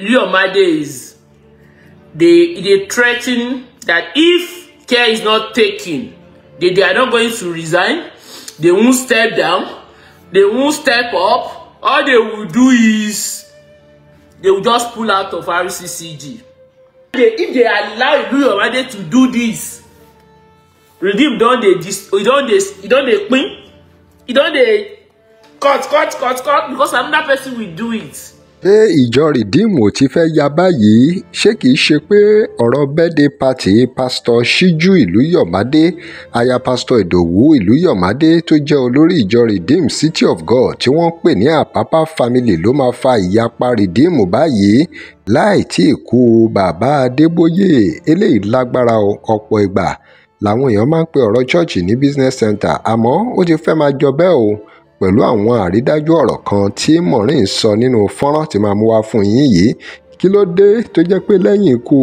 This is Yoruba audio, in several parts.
Liomade is they they threaten that if care is not taken, they, they are not going to resign, they won't step down, they won't step up, all they will do is they will just pull out of RCCG. They, if they allow Liomade to do this, Redeem don't they? dis e don dey e don dey pin e cut cut cut cut because another person will do it pé ìjọ rìdíìmù ti fẹ́ ya báyìí ṣé kìí ṣe pé ọ̀rọ̀ birthday party pásítọ̀ ṣíjú ìlúyọ̀mádé aya pásítọ̀ ìdòwú ìlúyọ̀mádé tó jẹ́ olórí ìjọ rìdíìmù city of god tí wọ́n ń pè ní àpápá family ló máa fa ìyapa rìdíìmù báyìí láì tí ì kú bàbá adébóyè eléyìí lágbára ọ̀pọ̀ ìgbà làwọn èèyàn máa ń pe ọ̀rọ̀ chọ́ọ̀chì ní business center àmọ́ ó ti fẹ́ máa jọ bẹ́ẹ̀ o pẹ̀lú àwọn àrídájú ọ̀rọ̀ kan tí Maureen sọ nínú fọ́nrán tí màá mú wá fún yín yìí kí ló dé tó jẹ́ pé lẹ́yìn ikú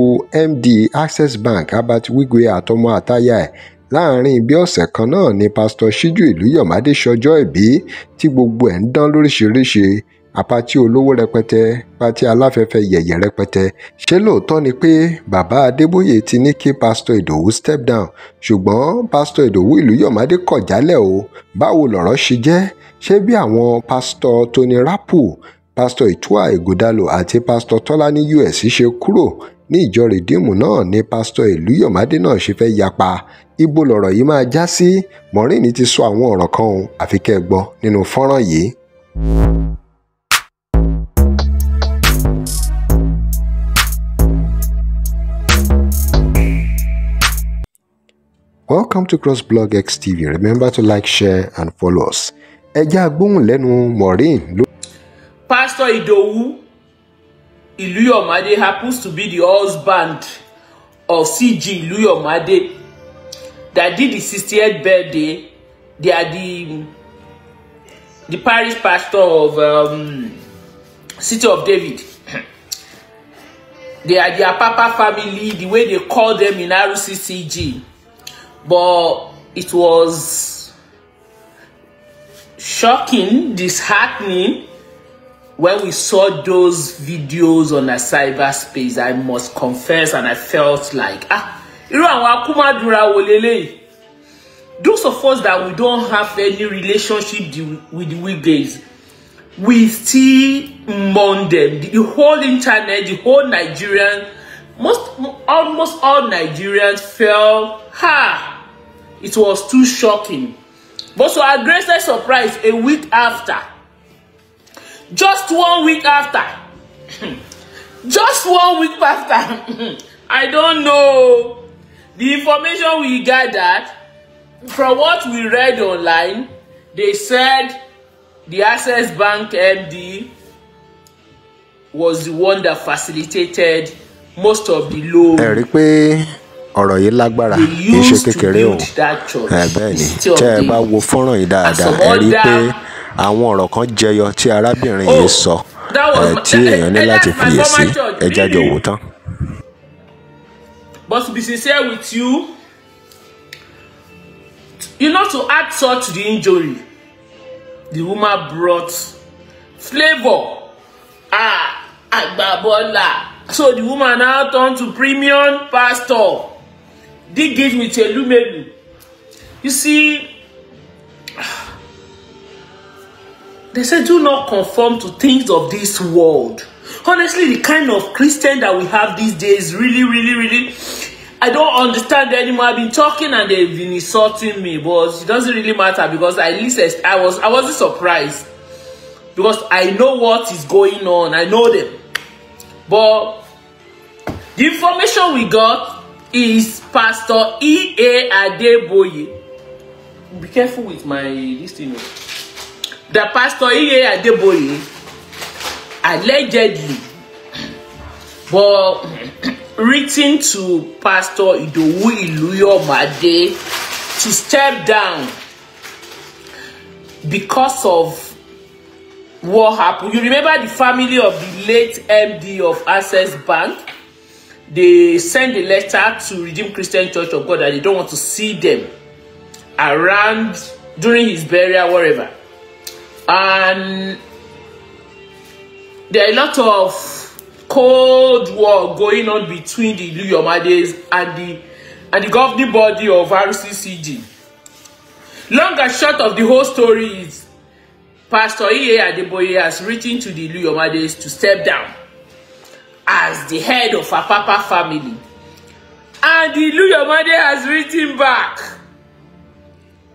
MD Access Bank Herbert Wigwe àtọmọ àtaya ẹ̀ láàrin bí ọ̀sẹ̀ kan náà ni pásítọ̀ Síjú Ìlúyọ̀mádé ṣọjọ́ ìbí tí gbogbo ẹ̀ ń dán lóríṣìíríṣìí apatí olówó rẹpẹtẹ pati aláfẹ́fẹ́ yẹ̀yẹ̀ rẹpẹtẹ ṣé lóòótọ́ ni pé bàbá Adébóyè ti ní kí pásítọ̀ Ìdòwú step down ṣùgbọ́n pásítọ̀ Ìdòwú Ìlúyọ̀mádé kọ̀ jálẹ̀ o báwo lọ̀rọ̀ ṣe jẹ́ ṣé bí àwọn pásítọ̀ Tony Rapu pásítọ̀ Itua Ighodalo àti pásítọ̀ Tọ́lání US ṣe kúrò ní ìjọ rìdíìmù náà ni pásítọ̀ Ìlúyọ̀mádé náà ṣe fẹ́ yapa ibo lọ̀rọ̀ yìí máa já sí ni ti sọ àwọn ọ̀rọ̀ kan òun àfikẹ́ gbọ́ nínú fọ́nrán yìí. Welcome to crossblog XTV. Remember to like, share and follow us. Ẹja agbóhùn lẹ́nu Maureen ló. Pastor Idowu Iluyomade happens to be the husband of CG Iluyomade that did the 60th birthday. They are the the parish pastor of um, City of David. they are their papa family, the way they call them in RCCG but it was shocking disheartening when we saw those videos on a cyberspace i must confess and i felt like ah irú àwọn akúmádúrà wo leléyìí those of us that we don't have any relationship with the weekdays, we still mourn them the whole internet the whole nigerian most almost all nigerians felt ha. Ah, It was too shocking. But to our greatest surprise, a week after, just one week after, just one week after, I don't know. The information we gathered, from what we read online, they said the Access Bank MD was the one that facilitated most of the loan. ẹ rí i pé ọ̀rọ̀ yìí lágbára kì í ṣe kékeré o bẹ́ẹ̀ ni tẹ́ ẹ bá wo fọ́nrán yìí dáadáa ẹ rí i pé àwọn ọ̀rọ̀ kan jẹyọ tí arábìnrin yìí oh, sọ tí èèyàn ní láti fiyèsí ẹ jájọ wò tán. But to be sincere with you, you know, to add salt to the injury, the woman brought flavor. Ah, Agbabola. So the woman now turned to premium pastor did this with Elumelu. You see, they said, do not conform to things of this world. Honestly, the kind of Christian that we have these days, really, really, really, I don't understand anymore. I've been talking and they've been insulting me, but it doesn't really matter because at least I was I wasn't surprised because I know what is going on. I know them, but the information we got is Pastor E.A. Adeboye. Be careful with my listening. Oh. The Pastor E.A. Adeboye allegedly but written to Pastor Idowu Iluyomade to step down because of what happened. You remember the family of the late MD of Access Bank? they send a letter to Redeem Christian Church of God that they don't want to see them around during his burial, wherever. And there are a lot of cold war going on between the Luyomades and the and the governing body of RCCG. Long and short of the whole story is Pastor E.A. Adeboye has written to the Luyomades to step down as the head of Papa family. And Iluyomade has written back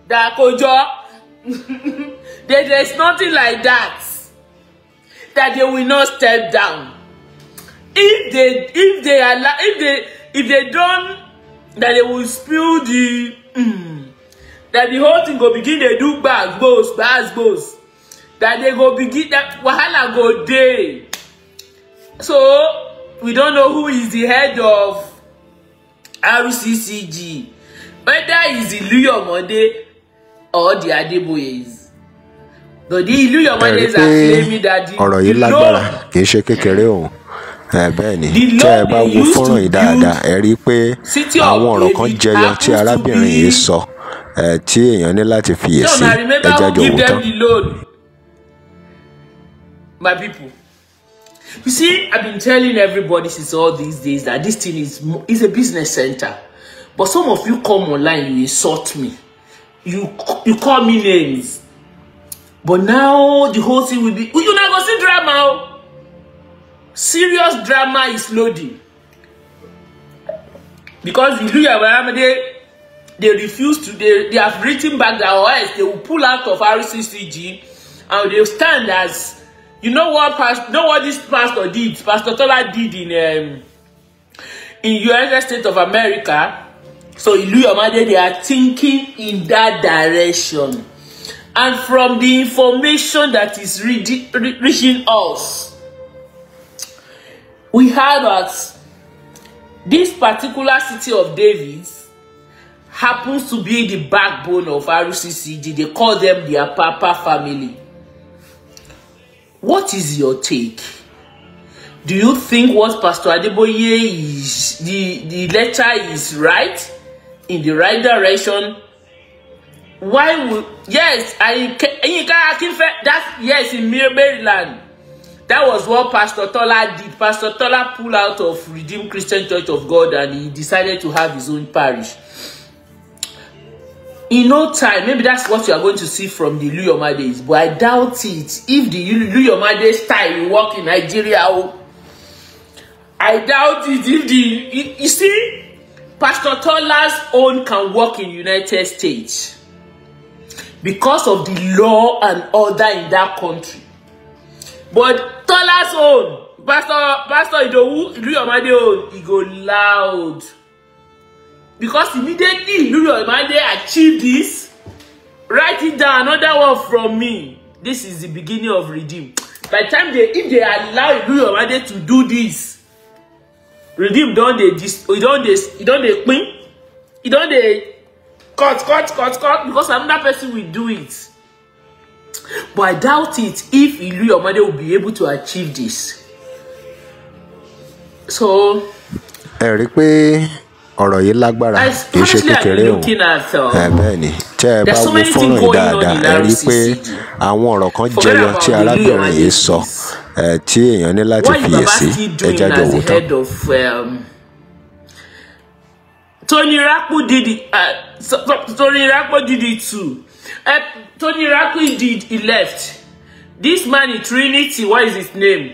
that Kojo, that there's nothing like that, that they will not step down. If they, if they allow, if they, if they don't, that they will spill the, mm, that the whole thing will begin dey do bad gbos bad gbos that they go begin that wahala go day. so we don't know who is the head of RCCG, whether it's Iluyomode or the Adeboyes. But the Iluyomode is claiming that the, ọ̀rọ̀ yìí lágbára kì í ṣe kékeré òun bẹ́ẹ̀ ni tẹ́ ẹ bá wo fọ́nrán yìí dáadáa ẹ rí i pé àwọn ọ̀rọ̀ kan jẹyọ tí arábìnrin yìí sọ tí èèyàn ní láti fiyèsí ẹ jájọ wò tán. My people. You see, I've been telling everybody since all these days that this thing is, is a business center. But some of you come online, you insult me. You, you call me names. But now the whole thing will be, you not gonna see drama. Serious drama is loading. Because Ilu Yabayamade, they they refuse to, they, they have written back that or oh, they will pull out of RCCG and they'll stand as You know what past know what this pastor did? Pastor Tola did in um, in United States of America. So Ilu Yomade, they are thinking in that direction. And from the information that is re re reaching us, we heard that this particular city of Davis happens to be the backbone of RCCG. They call them their Papa family. What is your take? Do you think what Pastor Adeboye is the the letter is right in the right direction? Why would yes I Yinka Akinfe that yes in Maryland that was what Pastor Tola did. Pastor Tola pulled out of Redeemed Christian Church of God and he decided to have his own parish in no time maybe that's what you are going to see from the luyoma days but i doubt it if the luyoma day style will work in nigeria o oh, i doubt it if the you see pastor tola's own can work in united states because of the law and order in that country but tola's own pastor pastor idowu luyoma day own e go loud because immediately Iluyo Oyomade achieve this write it down another one from me this is the beginning of redeem by the time they if they allow Iluyo Oyomade to do this redeem don dey dis e don dey e don dey pin e don dey cut cut cut cut because another person will do it but I doubt it if Ilu Oyomade will be able to achieve this so. ẹ rí i pé ọ̀rọ̀ yìí lágbára kì í ṣe kékeré o bẹ́ẹ̀ ni tẹ́ ẹ bá wo fọ́nrán yìí dáadáa ẹ rí i pé àwọn ọ̀rọ̀ kan jẹyọ tí arábìnrin yìí sọ tí èèyàn ní láti fiyèsí ẹ jájọ wò tán. Um, Tony Rapo did uh, Tony Rapo did it too uh, Tony Rapo did he left this man in Trinity what is his name.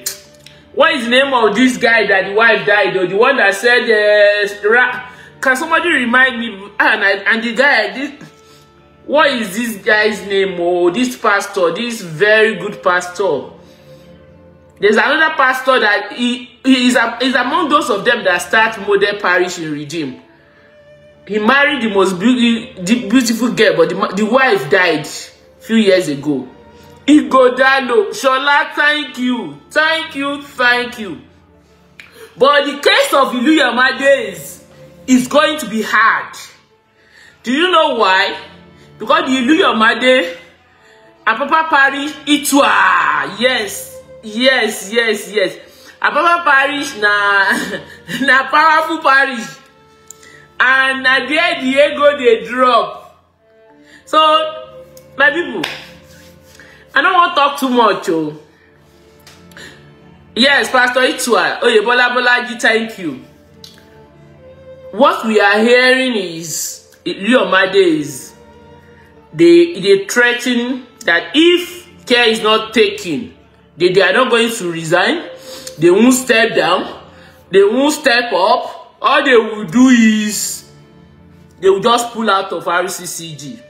What is the name of this guy that the wife died or the one that said uh, can somebody remind me and I, and the guy this what is this guy's name or oh, this pastor this very good pastor there's another pastor that he, he is, a, is among those of them that start model parish in regime he married the most beauty, the beautiful girl but the, the wife died few years ago Igodalo, Shola, thank you. Thank you, thank you. But the case of Ilu Yamade is, is going to be hard. Do you know why? Because the Ilu Yamade, Apapa Parish, Itua. Yes, yes, yes, yes. Apapa Parish na, na powerful parish. And na there the ego they drop. So, my people, I don't want to talk too much. Oh. Yes, Pastor Itua. bola Bolaji, thank you. What we are hearing is Iliomade is they they threaten that if care is not taken, they, they are not going to resign, they won't step down, they won't step up, all they will do is they will just pull out of RCCG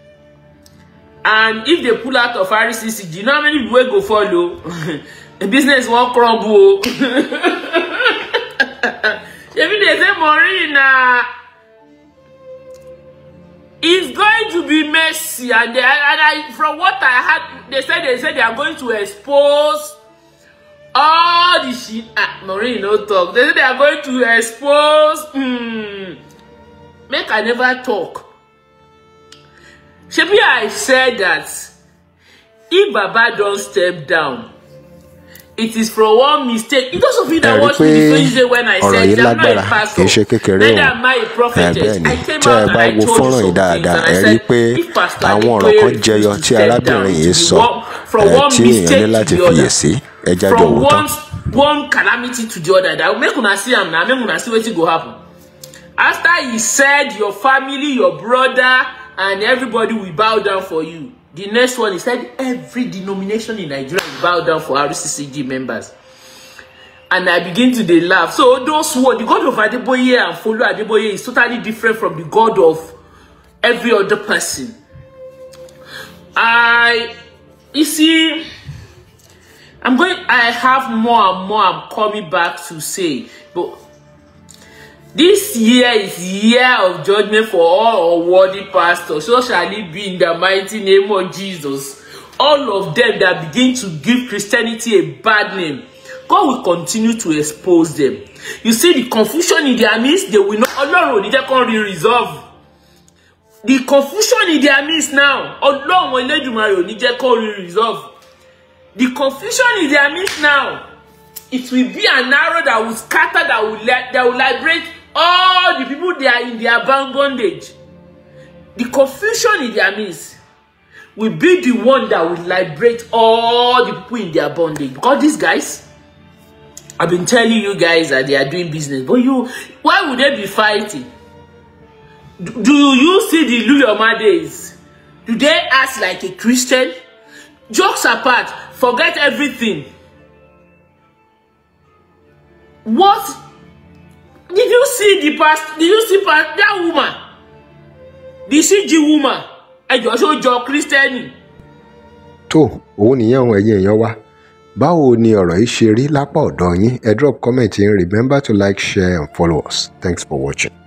and if they pull out of rccg e you know how many people wey go follow oh? the business wan crumble o shebi dey say maureen na it's going to be messy and they and i from what i had they say they say they are going to expose all the shit ah maureen no talk they say they are going to expose hmm make i never talk Shebi I said that if Baba don step down, it is from one mistake. It doesn't feel that watch me the when I said that I'm not a pastor, neither am I a prophetess. I came out and I told you something and I said if pastor Adekoye refuses to step down, it will be from one mistake to the other, from one one calamity to the other. That make una see am na make una see wetin go happen. After he said your family, your brother and everybody will bow down for you. The next one is said every denomination in Nigeria will bow down for RCCG members. And I begin to they laugh. So those who are the God of Adeboye and follow Adeboye is totally different from the God of every other person. I, you see, I'm going, I have more and more I'm coming back to say, but This year is year of judgment for all unworthy pastors. So shall it be in the mighty name of Jesus. All of them that begin to give Christianity a bad name, God will continue to expose them. You see the confusion in their midst, they will not alone. They ní jẹ́ kán resolve. The confusion in their midst now, Ọlọ́run Elédùmarè my ní jẹ́ kán rí resolve. The confusion in their midst now, it will be an arrow that will scatter, that will, that will liberate all the people they are in their bondage, the confusion in their midst will be the one that will liberate all the people in their bondage. Because these guys, I've been telling you guys that they are doing business, but you, why would they be fighting? Do, do you see the Luyoma days? Do they act like a Christian? Jokes apart, forget everything. What see the past did you see past that woman the woman ẹjọ ṣó jọ your tó òun nìyẹn ni yon èèyàn wa báwo ni ọ̀rọ̀ yìí ṣe rí lápá ọ̀dọ̀ yín ẹ drop comment yín remember to like share and follow us thanks for watching.